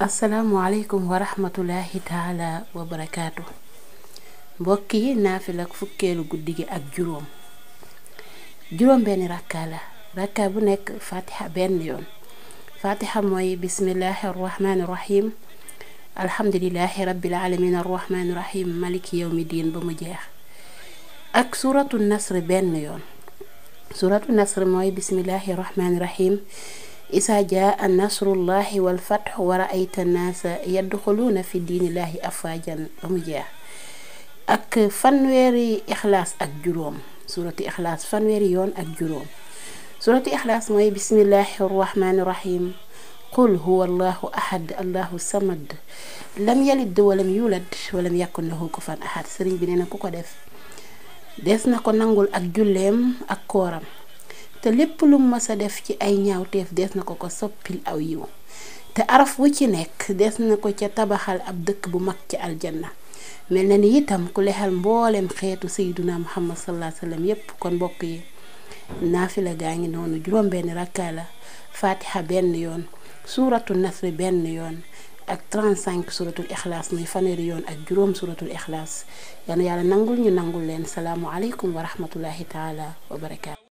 asalaamualeykum wa rahmatullahi taala wa barakaatu mbokk yi naafila ak fukkeelu guddi gi ak juróom juróom benn rakka la rakka bu nekk fatiha benn yoon fatiha mooy bismillahi arrahmani rahim alhamdulilahi rabbil alamin arrahmani rahim maliki yawmi diin ba mu jeex ak suratu nasr benn yoon suratu nasr mooy bismillahi arrahmani rahim إذا جاء نصر الله والفتح ورأيت الناس يدخلون في دين الله أفاجا أمجا أك فنويري إخلاص أك جروم سورة إخلاص فنويري يون أك جروم سورة إخلاص موي بسم الله الرحمن الرحيم قل هو الله أحد الله الصمد لم يلد ولم يولد ولم يكن له كفا أحد سرين بنينا كوكو ديس ديس نكو نانغول أك te lépp lu ma sa def ci ay ñaawteef des na ko ko soppil aw yiwu te araf wu ci nekk des na ko ca tabaxal ab dëkk bu mag ci aljanna mel na ni itam ku lexal mboolem xeetu sayduna muhammad sallallahu alayhi wasallam sallam yépp kon mbokk yi naafila gaa ngi noonu juróom benn rakkaa la fatiha benn yoon suuratul nasr benn yoon ak 35 suratul ikhlas muy fanéri yoon ak juróom suratul ikhlas yana yàlla nangul ñu nangul leen salaamu alaykum wa rahmatullahi taala wa barakaatu